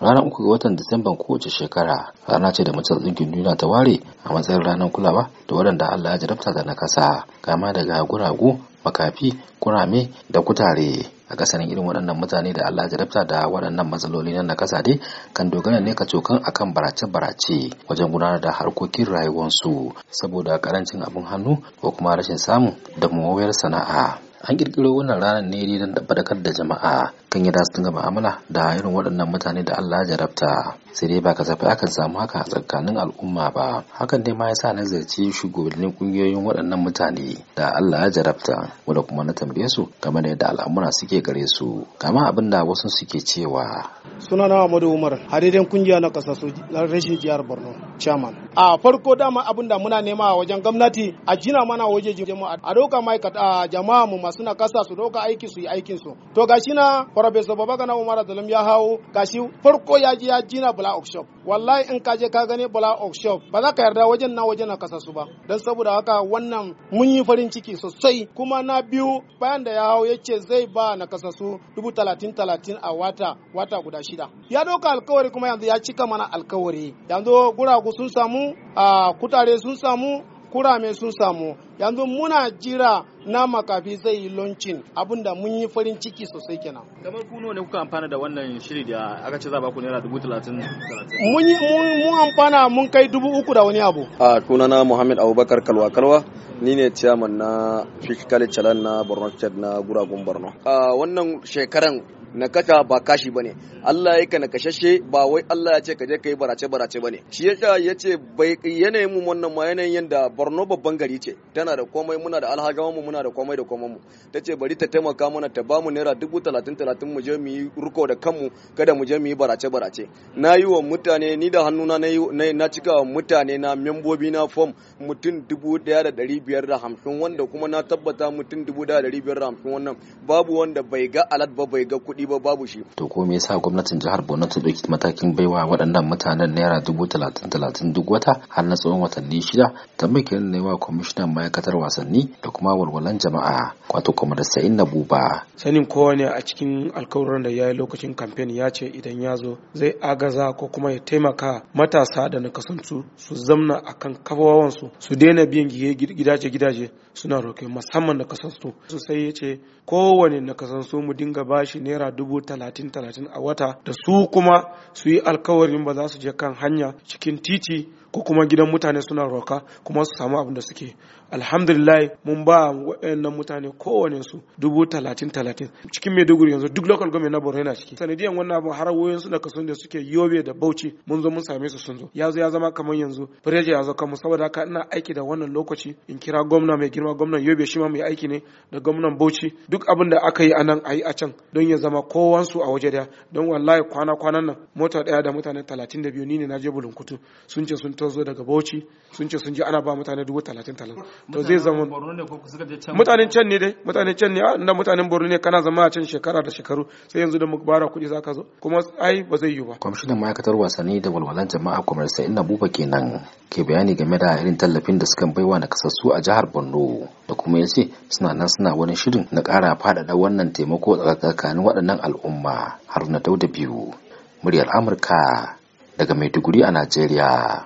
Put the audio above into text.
ranar uku ga watan disamban kowace shekara rana ce da majalisar ɗinkin duniya ta ware a matsayin ranar kulawa da waɗanda allah ya jarabta da na kasa kama daga guragu makafi kurame da kutare a kasarin irin waɗannan mutane da Allah Ya jarabta da waɗannan matsaloli na nakasa dai kan dogara ne ka cokan a kan barace-barace wajen gudanar da harkokin rayuwarsu saboda karancin abin hannu ko kuma rashin samun da mawayar sana'a an kirkiro wannan ranar ne don tabbatar da jama'a kan yadda su dinga mu'amala da irin waɗannan mutane da Allah jarabta sai dai ba ka zafi akan samu haka a tsakanin al'umma ba hakan dai ma ya sa nazarci shugabannin kungiyoyin waɗannan mutane da Allah ya jarabta wanda kuma na tambaye su game da yadda al'amura suke gare su kama abin da wasu suke cewa sunana Ahmadu Umar hadidan kungiya na ƙasa rashin jihar Borno chairman a farko dama abin da muna nema a wajen gwamnati a jina mana waje jama'a a doka ma'aikata jama'a mu masu na kasa su doka aiki su yi aikin su to gashi na farfesa na umar dalam ya hawo gashi farko ya ji ya jina bula workshop wallahi in ka je ka gani bula workshop ba za ka yarda wajen na wajen na kasa su ba don saboda haka wannan mun yi farin ciki sosai kuma na biyu bayan da ya hawo ya ce zai ba na kasa su dubu talatin talatin a wata wata guda shida ya doka alkawari kuma yanzu ya cika mana alkawari yanzu guragu sun samu kutare sun samu kurame sun samu yanzu muna jira na makafi zai yi launching abinda mun yi farin ciki sosai kenan kamar kuno ne kuka amfana da wannan shiri da aka ce za ba ku naira dubu talatin mun mun amfana mun kai dubu uku da wani abu a na muhammad abubakar kalwa kalwa ni ne ciyaman na fiscal challenge na borno state na guragun borno a wannan shekaran kasha ba kashi bane Allah ya ka kashashe ba wai Allah ya ce ka je kai barace barace bane shi yasa yace bai yanayin mu wannan ma yanayin yanda Borno babban gari ce tana da komai muna da alhajawan mu muna da komai da komai mu tace bari ta taimaka mana ta bamu naira dubu talatin talatin mu je mu yi ruko da kanmu kada mu je mu yi barace barace na yi wa mutane ni da hannuna na na cika wa mutane na membobi na form mutum dubu daya da dari biyar da hamsin wanda kuma na tabbata mutum dubu daya da dari biyar da hamsin wannan babu wanda bai ga alat ba bai ga kuɗi ba babu shi to ko me yasa gwamnatin jihar Borno ta dauki matakin baiwa waɗannan mutanen naira dubu talatin talatin duk wata har na tsawon watanni shida ta mai kiran ne wa kwamishinan ma'aikatar wasanni da kuma walwalan jama'a wato kuma da na buba sanin kowa ne a cikin alkawuran da ya yi lokacin kamfen ya ce idan ya zo zai agaza ko kuma ya taimaka matasa da kasantu su zamna akan kafawawansu su daina biyan gidaje-gidaje suna roƙe musamman nakasantu su sai ya ce kowane kasantu mu dinga bashi naira dubu talatin talatin a wata da su kuma su yi alkawarin ba za su je kan hanya cikin titi ko kuma gidan mutane suna roka kuma su samu abin da suke alhamdulillah mun ba waɗannan mutane kowane su dubu talatin talatin cikin maiduguri yanzu duk local government na borno yana ciki sanadiyan wannan abu har wayoyin suna kasu da suke yobe da bauchi mun zo mun same su sun zo ya zo ya zama kamar yanzu fireje ya zo mu saboda haka ina aiki da wannan lokaci in kira gwamna mai girma gwamnan yobe shi ma mai aiki ne da gwamnan bauchi duk abin da aka yi a nan a yi a can don ya zama kowansu a waje daya don wallahi kwana kwanan nan mota daya da mutane talatin da biyu ni ne na je bulunkutu sun ce sun to suka zo daga Bauchi sun ce sun ji ana ba mutane dubu talatin talatin to zai zama mutanen can ne dai mutanen can ne ah, a mutanen Borno ne kana zama a can shekara da shekaru sai yanzu da mukbara kuɗi ka zo kuma ai ba zai yi ba kwamishinan ma'aikatar wasanni da walwalan jama'a kwamar sa'in na buba kenan ke bayani game da irin tallafin da suka baiwa na kasassu a jihar Borno da kuma yace suna nan suna wani shirin na ƙara faɗaɗa wannan taimako tsakanin waɗannan al'umma Haruna Dauda biyu muryar Amurka daga Maiduguri a Najeriya